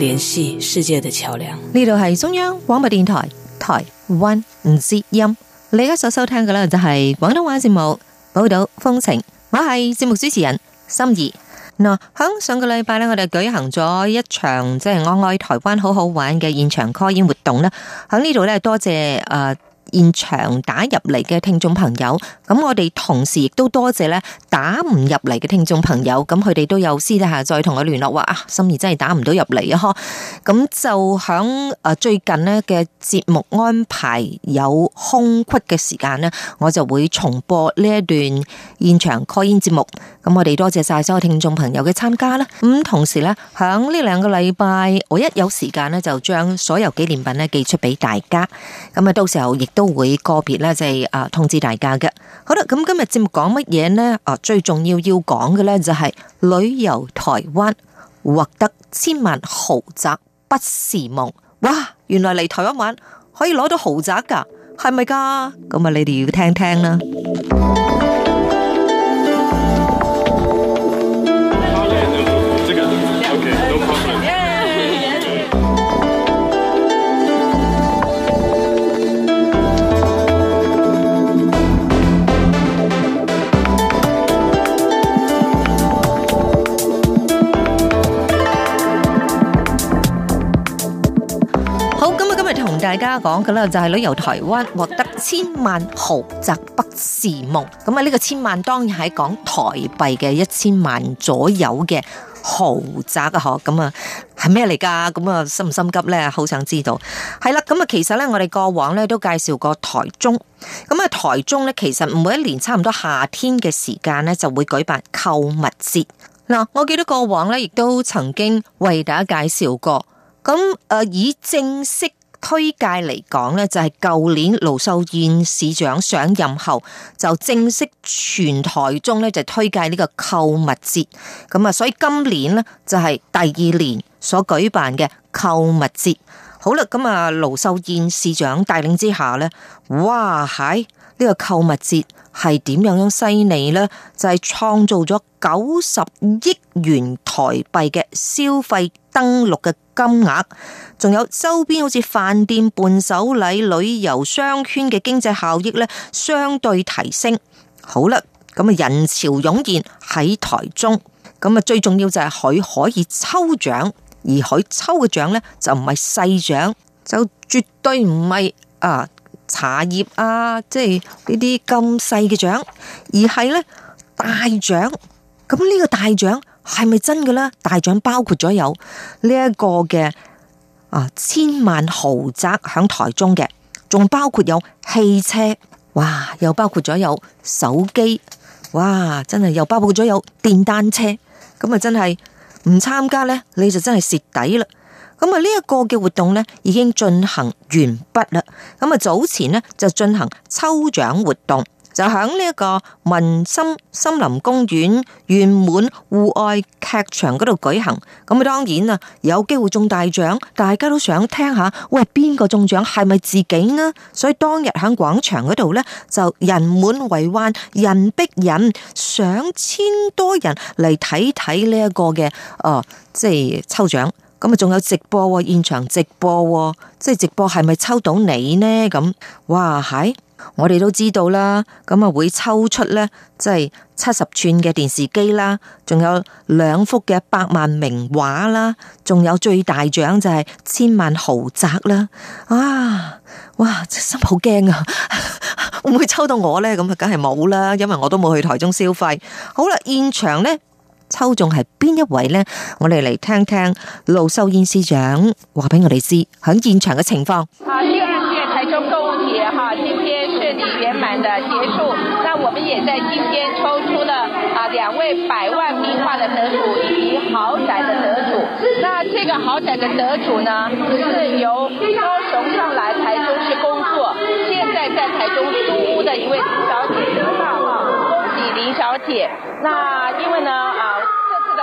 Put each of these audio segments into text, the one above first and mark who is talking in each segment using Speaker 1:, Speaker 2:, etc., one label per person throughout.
Speaker 1: 聯繫世界的橋梁。呢度係中央廣播電台台灣之音，你而家所收聽嘅咧就係廣東話節目《報道風情》，我係節目主持人心儀。嗱，喺上個禮拜咧，我哋舉行咗一場即係、就是、我愛台灣好好玩嘅現場 call in 活動啦。喺呢度咧，多謝誒。呃現場打入嚟嘅聽眾朋友，咁我哋同時亦都多謝咧打唔入嚟嘅聽眾朋友，咁佢哋都有私底下再同我聯絡話啊，心怡真係打唔到入嚟啊，嗬，咁就響誒最近咧嘅節目安排有空隙嘅時間呢，我就會重播呢一段現場 call-in 節目。咁我哋多謝晒所有聽眾朋友嘅參加啦。咁同時呢，響呢兩個禮拜，我一有時間呢，就將所有紀念品呢寄出俾大家。咁啊，到時候亦都。都會個別咧，就係啊通知大家嘅。好啦，咁今日節目講乜嘢呢？啊，最重要要講嘅呢就係旅遊台灣，獲得千萬豪宅不是夢。哇，原來嚟台灣玩可以攞到豪宅噶，係咪噶？咁啊，是是你哋要聽聽啦。大家講嘅啦，就係旅遊台灣，獲得千萬豪宅不是夢。咁啊，呢個千萬當然係講台幣嘅一千萬左右嘅豪宅啊，嗬。咁啊，係咩嚟㗎？咁啊，心唔心急呢？好想知道。係啦，咁啊，其實呢，我哋過往呢都介紹過台中。咁啊，台中呢，其實每一年差唔多夏天嘅時間呢，就會舉辦購物節。嗱，我記得過往呢，亦都曾經為大家介紹過。咁誒，以正式。推介嚟講呢，就係舊年盧秀燕市長上任後，就正式全台中呢就推介呢個購物節，咁啊，所以今年呢，就係第二年所舉辦嘅購物節。好啦，咁啊盧秀燕市長帶領之下呢，哇，係、這、呢個購物節係點樣樣犀利呢？就係、是、創造咗九十億元台幣嘅消費登錄嘅金額，仲有周邊好似飯店、伴手禮、旅遊商圈嘅經濟效益呢，相對提升。好啦，咁啊人潮湧現喺台中，咁啊最重要就係佢可以抽獎，而佢抽嘅獎呢，就唔係細獎，就絕對唔係啊茶葉啊，即係呢啲咁細嘅獎，而係呢，大獎。咁呢個大獎。係咪真嘅咧？大獎包括咗有呢一個嘅啊，千萬豪宅響台中嘅，仲包括有汽車，哇！又包括咗有手機，哇！真係又包括咗有電單車，咁啊真係唔參加咧，你就真係蝕底啦。咁啊呢一個嘅活動咧已經進行完畢啦。咁啊早前咧就進行抽獎活動。就喺呢一個文心森林公園圓滿戶外劇場嗰度舉行，咁啊當然啦，有機會中大獎，大家都想聽下，喂，邊個中獎係咪自己呢？所以當日喺廣場嗰度咧，就人滿為患，人逼人，上千多人嚟睇睇呢一個嘅、呃，即係抽獎。咁啊，仲有直播喎，現場直播喎，即係直播係咪抽到你呢？咁哇，係我哋都知道啦。咁啊，會抽出咧，即係七十吋嘅電視機啦，仲有兩幅嘅百萬名畫啦，仲有最大獎就係千萬豪宅啦。啊，哇，真心好驚啊，會唔會抽到我咧？咁啊，梗係冇啦，因為我都冇去台中消費。好啦，現場咧。抽中係邊一位呢？我哋嚟聽聽盧秀燕市長話俾我哋知響現場嘅情況。啊，呢個係台中購物節哈，今天順利圓滿地結束。那我們也在今天抽出了
Speaker 2: 啊兩位百萬名畫的得主以及豪宅的得主。那這個豪宅的得主呢，就是由高雄上來台中市工作，現在在台中租屋的一位林小姐。恭喜林小姐。那因為呢啊。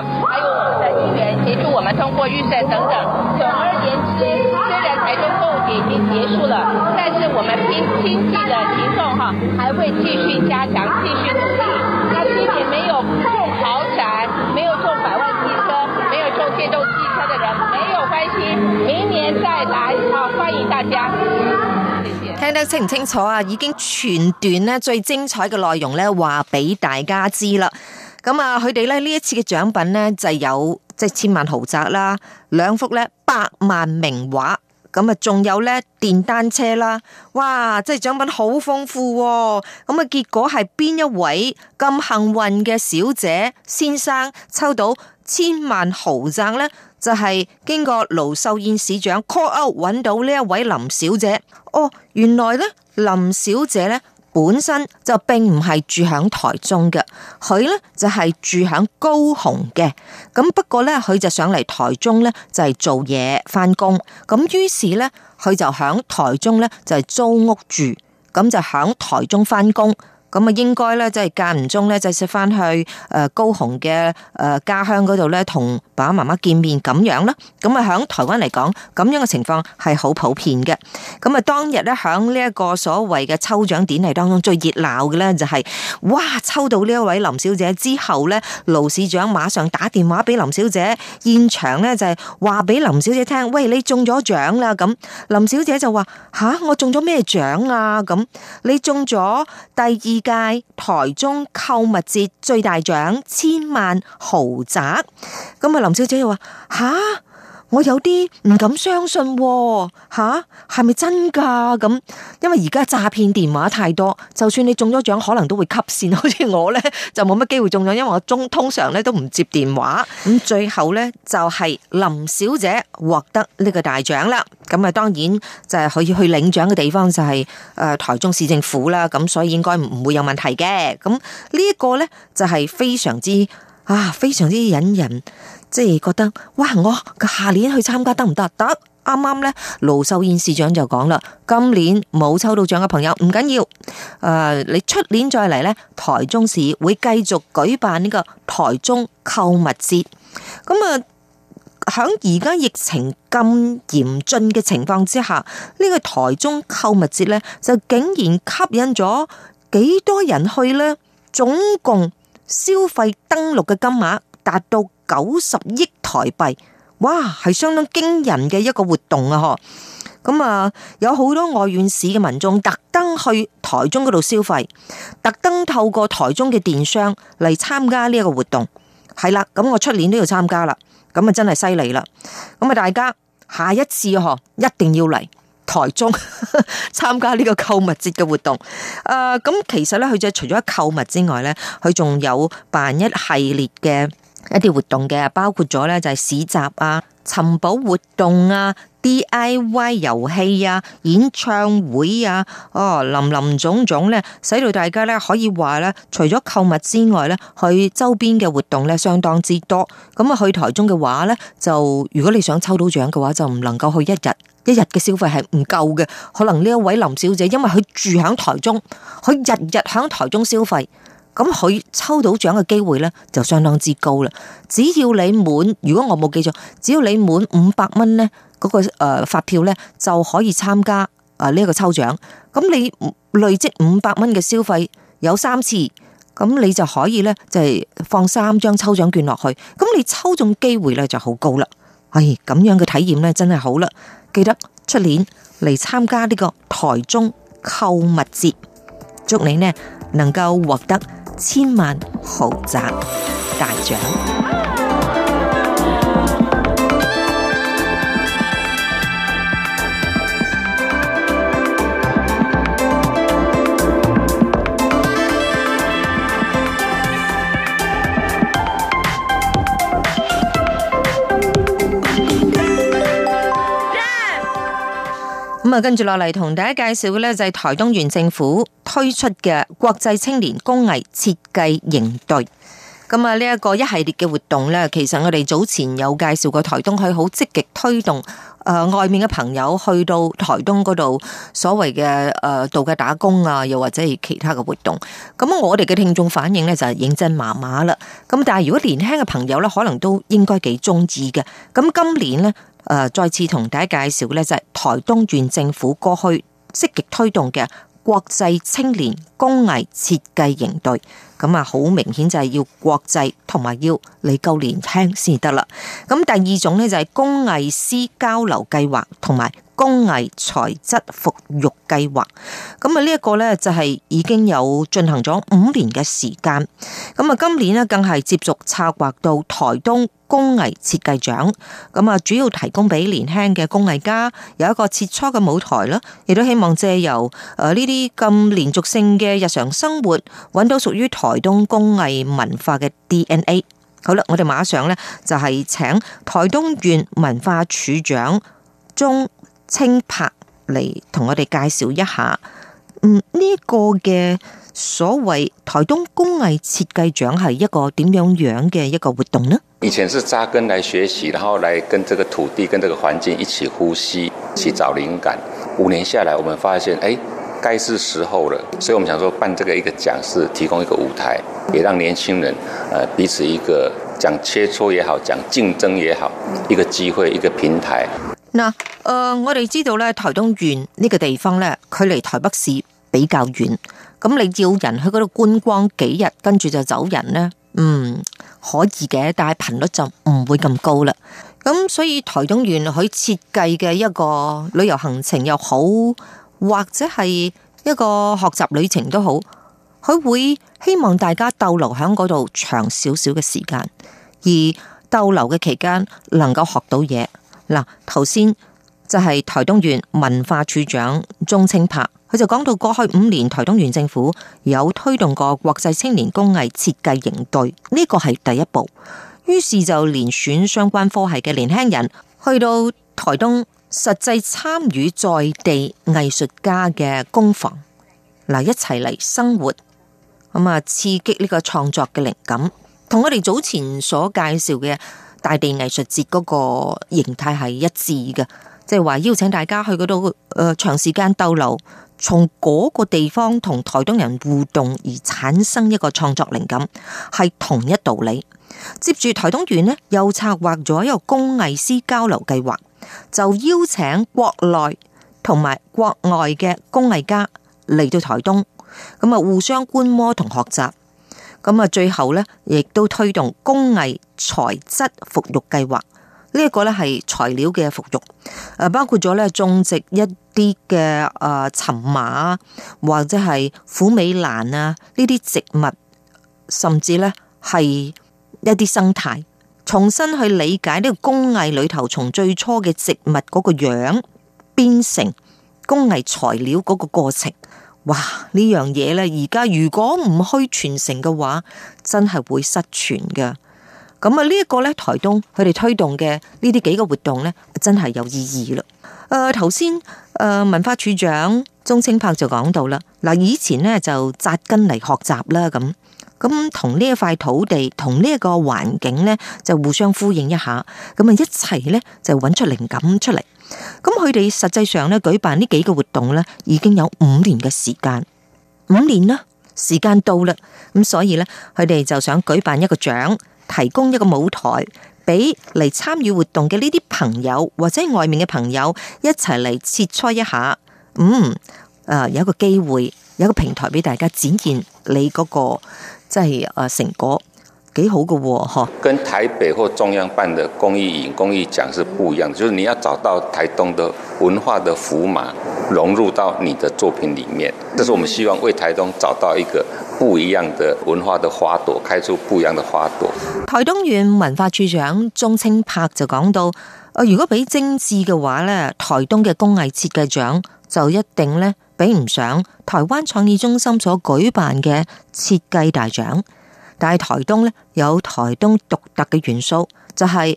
Speaker 2: 還有我們的議員協助我們通過預算等等。總而言之，雖然台中購物節已經結束了，但是我們拼經濟的行動哈還會繼續加強，繼續努力。那今年沒有中豪宅、沒有中百萬汽車、沒有中電動汽車的人沒有關係，明年再來啊，歡迎大家。謝謝。
Speaker 1: 聽得清唔清楚啊？已經全段呢最精彩嘅內容呢，話俾大家知啦。咁啊，佢哋咧呢一次嘅獎品呢，就有即係千萬豪宅啦，兩幅咧百萬名畫，咁啊仲有咧電單車啦，哇！即係獎品好豐富，咁啊結果係邊一位咁幸運嘅小姐、先生抽到千萬豪宅呢？就係、是、經過盧秀燕市長 call out 揾到呢一位林小姐，哦，原來呢，林小姐呢。本身就並唔係住響台中嘅，佢咧就係住響高雄嘅。咁不過咧，佢就上嚟台中咧就係做嘢翻工。咁於是咧，佢就響台中咧就係租屋住，咁就響台中翻工。咁啊，就應該咧，即係間唔中咧，就食翻去誒高雄嘅誒家鄉嗰度咧，同爸爸媽媽見面咁樣啦。咁啊，喺台灣嚟講咁樣嘅情況係好普遍嘅。咁啊，當日咧，喺呢一個所謂嘅抽獎典禮當中，最熱鬧嘅咧就係，哇！抽到呢一位林小姐之後咧，盧市長馬上打電話俾林小姐，現場咧就係話俾林小姐聽，喂，你中咗獎啦！咁林小姐就話，吓，我中咗咩獎啊？咁你中咗第二屆台中購物節最大獎千萬豪宅，咁啊，林小姐又話吓。我有啲唔敢相信、啊，吓，係咪真噶？咁，因為而家詐騙電話太多，就算你中咗獎，可能都會吸線。好似我咧就冇乜機會中獎，因為我中通常咧都唔接電話。咁最後咧就係、是、林小姐獲得呢個大獎啦。咁啊，當然就係可以去領獎嘅地方就係、是、誒、呃、台中市政府啦。咁所以應該唔唔會有問題嘅。咁呢一個咧就係、是、非常之啊，非常之引人。即係覺得，哇！我下年去參加得唔得？得啱啱，呢，盧秀燕市長就講啦，今年冇抽到獎嘅朋友唔緊要，誒、呃，你出年再嚟。呢，台中市會繼續舉辦呢個台中購物節。咁啊，喺而家疫情咁嚴峻嘅情況之下，呢、這個台中購物節呢就竟然吸引咗幾多人去呢？總共消費登錄嘅金額達到。九十億台幣，哇，係相當驚人嘅一個活動啊！嗬，咁啊，有好多外縣市嘅民眾特登去台中嗰度消費，特登透過台中嘅電商嚟參加呢一個活動，係啦，咁我出年都要參加啦，咁啊真係犀利啦！咁啊，大家下一次嗬一定要嚟台中參 加呢個購物節嘅活動。誒、呃，咁其實咧，佢就除咗購物之外咧，佢仲有辦一系列嘅。一啲活動嘅，包括咗呢，就係市集啊、尋寶活動啊、DIY 遊戲啊、演唱會啊，哦，林林總總呢，使到大家呢可以話呢，除咗購物之外呢，去周邊嘅活動呢相當之多。咁啊，去台中嘅話呢，就如果你想抽到獎嘅話，就唔能夠去一日，一日嘅消費係唔夠嘅。可能呢一位林小姐，因為佢住響台中，佢日日響台中消費，咁佢抽到獎嘅機會咧就相當之高啦。只要你滿，如果我冇記錯，只要你滿五百蚊咧，嗰個誒發票咧就可以參加啊呢個抽獎。咁你累積五百蚊嘅消費有三次，咁你就可以咧就係放三張抽獎券落去。咁你抽中機會咧就好高啦。唉，咁樣嘅體驗咧真係好啦。記得出年嚟參加呢個台中購物節，祝你呢能夠獲得千萬豪宅大獎。咁啊，跟住落嚟同大家介紹嘅呢就係台東縣政府推出嘅國際青年工藝設計營隊。咁啊，呢一個一系列嘅活動呢，其實我哋早前有介紹過台東，佢好積極推動外面嘅朋友去到台東嗰度，所謂嘅誒度假打工啊，又或者係其他嘅活動。咁我哋嘅聽眾反應呢，就係認真麻麻啦。咁但係如果年輕嘅朋友呢，可能都應該幾中意嘅。咁今年呢。再次同大家介紹呢就係台東縣政府過去積極推動嘅國際青年工藝設計營隊，咁啊，好明顯就係要國際同埋要你夠年輕先得啦。咁第二種呢，就係工藝師交流計劃同埋工藝材質復育計劃，咁啊，呢一個呢，就係已經有進行咗五年嘅時間，咁啊今年呢，更係接續策劃到台東工藝設計獎，咁啊，主要提供俾年輕嘅工藝家有一個切磋嘅舞台咯，亦都希望借由誒呢啲咁連續性嘅日常生活，揾到屬於台東工藝文化嘅 D N A。好啦，我哋馬上呢，就係請台東縣文化處長鍾清柏嚟，同我哋介紹一下，嗯呢個嘅所謂台東工藝設計獎係一個點樣樣嘅一個活動呢？以前是紮根來學習，然後來跟這個土地、跟這個環境一起呼吸、一起找靈感。五年下來，我們發現，誒、欸，該是時候了。所以，我們想說辦這個一個獎，是提供一個舞台，也讓年輕人，彼此一個講切磋也好，講競爭也好，一個機會，一個平台。嗱，誒、呃，我哋知道呢，台東縣呢個地方呢，距離台北市比較遠。咁你叫人去嗰度觀光幾日，跟住就走人呢。嗯。可以嘅，但係頻率就唔會咁高啦。咁所以台東縣佢設計嘅一個旅遊行程又好，或者係一個學習旅程都好，佢會希望大家逗留喺嗰度長少少嘅時間，而逗留嘅期間能夠學到嘢。嗱，頭先就係台東縣文化處長鍾清柏。佢就講到過去五年台東縣政府有推動過國際青年工藝設計營隊，呢個係第一步。於是就連選相關科系嘅年輕人去到台東，實際參與在地藝術家嘅工房，嗱，一齊嚟生活，咁啊，刺激呢個創作嘅靈感，同我哋早前所介紹嘅大地藝術節嗰個形態係一致嘅，即係話邀請大家去嗰度，誒長時間逗留。從嗰個地方同台東人互動而產生一個創作靈感，係同一道理。接住台東縣呢，又策劃咗一個工藝師交流計劃，就邀請國內同埋國外嘅工藝家嚟到台東，咁啊互相觀摩同學習，咁啊最後呢亦都推動工藝材質復育計劃。呢一個咧係材料嘅復育，誒包括咗咧種植一啲嘅誒蕁麻或者係虎尾蘭啊呢啲植物，甚至咧係一啲生態，重新去理解呢個工藝裏頭從最初嘅植物嗰個樣變成工藝材料嗰個過程，哇呢樣嘢咧而家如果唔去傳承嘅話，真係會失傳㗎。咁啊，呢一個咧，台東佢哋推動嘅呢啲幾個活動咧，真係有意義啦。誒、呃，頭先誒文化處長鍾清柏就講到啦，嗱，以前咧就紮根嚟學習啦，咁咁同呢一塊土地，同呢一個環境咧就互相呼應一下，咁啊一齊咧就揾出靈感出嚟。咁佢哋實際上咧舉辦呢幾個活動咧，已經有五年嘅時間，五年啦，時間到啦，咁所以咧佢哋就想舉辦一個獎，提供一個舞台，俾嚟參與活動嘅呢啲朋友，或者外面嘅朋友一齊嚟切磋一下。嗯，有一個機會，有一個平台俾大家展現你嗰個即係誒成果。幾好嘅、啊、跟台北或中央辦的工藝影工藝獎是不一樣的，就是你要找到台東的文化的符碼，融入到你的作品裏面。這，就是我們希望為台東找到一個不一樣的文化的花朵，開出不一樣的花朵。台東縣文化處長鍾清柏就講到，如果比精緻嘅話咧，台東嘅工藝設計獎就一定咧比唔上台灣創意中心所舉辦嘅設計大獎。但係台東呢，有台東獨特嘅元素，就係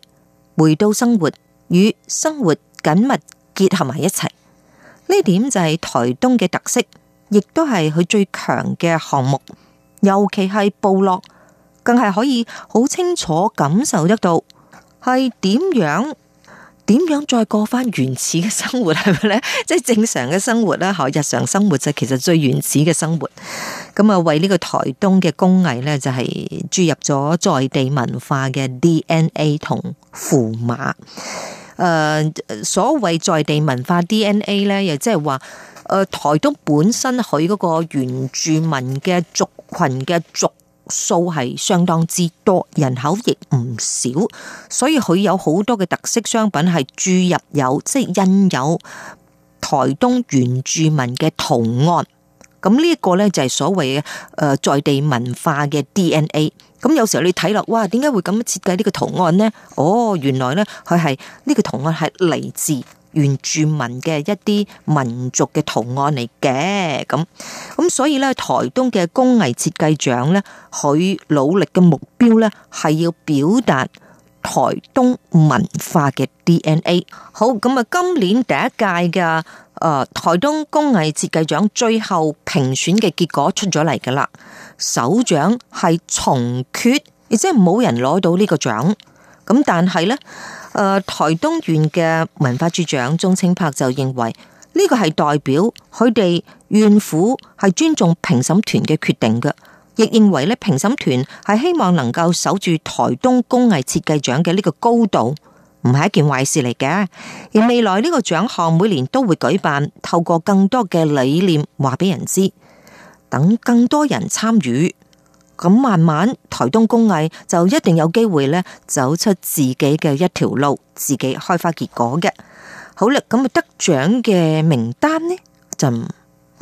Speaker 1: 回到生活與生活緊密結合埋一齊，呢點就係台東嘅特色，亦都係佢最強嘅項目，尤其係部落更係可以好清楚感受得到係點樣。點樣再過翻原始嘅生活係咪咧？即係、就是、正常嘅生活啦，嗬！日常生活就係其實最原始嘅生活。咁啊，為呢個台東嘅工藝咧，就係注入咗在地文化嘅 DNA 同符碼。誒、呃，所謂在地文化 DNA 咧，又即係話誒，台東本身佢嗰個原住民嘅族群嘅族，數係相當之多，人口亦唔少，所以佢有好多嘅特色商品係注入有，即係印有台東原住民嘅圖案。咁呢一個呢就係所謂嘅誒在地文化嘅 DNA。咁有時候你睇落，哇，點解會咁樣設計呢個圖案呢？哦，原來呢，佢係呢個圖案係嚟自。原住民嘅一啲民族嘅圖案嚟嘅，咁咁所以呢，台東嘅工藝設計獎呢，佢努力嘅目標呢，係要表達台東文化嘅 DNA。好咁啊、嗯，今年第一屆嘅誒台東工藝設計獎最後評選嘅結果出咗嚟噶啦，首獎係從缺，亦即係冇人攞到呢個獎。咁但係呢。誒、呃，台東縣嘅文化處長鍾清柏就認為呢、呢個係代表佢哋縣府係尊重評審團嘅決定嘅，亦認為咧評審團係希望能夠守住台東工藝設計獎嘅呢個高度，唔係一件壞事嚟嘅。而未來呢個獎項每年都會舉辦，透過更多嘅理念話俾人知，等更多人參與。咁慢慢台東工藝就一定有機會咧走出自己嘅一條路，自己開花結果嘅。好啦，咁啊得獎嘅名單呢就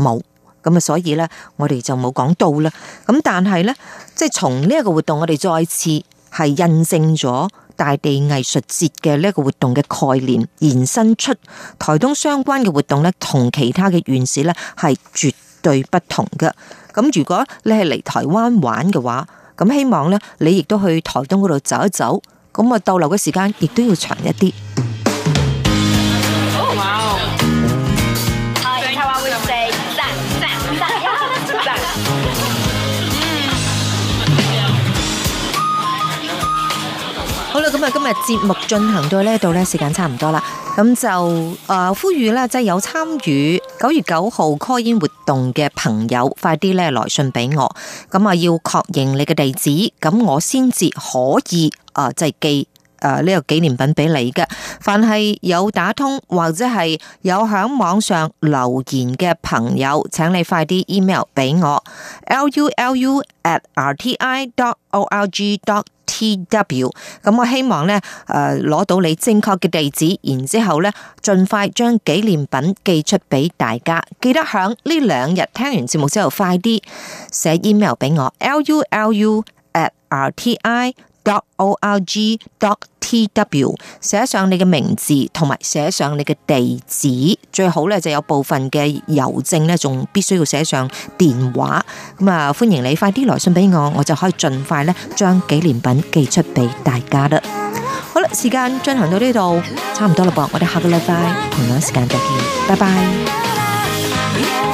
Speaker 1: 冇，咁啊所以呢，我哋就冇講到啦。咁但係呢，即係從呢一個活動，我哋再次係印證咗大地藝術節嘅呢一個活動嘅概念，延伸出台東相關嘅活動呢，同其他嘅縣市呢，係絕對不同嘅。咁如果你係嚟台灣玩嘅話，咁希望咧你亦都去台東嗰度走一走，咁啊逗留嘅時間亦都要長一啲。今日節目進行到呢度咧，時間差唔多啦。咁就誒呼籲咧，即係有參與九月九號 call in 活動嘅朋友，快啲咧來信俾我。咁啊，要確認你嘅地址，咁我先至可以誒，即係寄誒呢個紀念品俾你嘅。凡係有打通或者係有響網上留言嘅朋友，請你快啲 email 俾我 lulu@rti.org T.W. 咁我希望咧，誒，攞到你正確嘅地址，然之後咧，盡快將紀念品寄出俾大家。記得響呢兩日聽完節目之後，快啲寫 email 俾我，L.U.L.U. at R.T.I. dot O.R.G. dot P. W. 寫上你嘅名字，同埋寫上你嘅地址，最好咧就有部分嘅郵政咧，仲必須要寫上電話。咁啊，歡迎你快啲來信俾我，我就可以盡快咧將紀念品寄出俾大家啦。好啦，時間進行到呢度，差唔多啦，噃，我哋下個禮拜同樣時間再見，拜拜。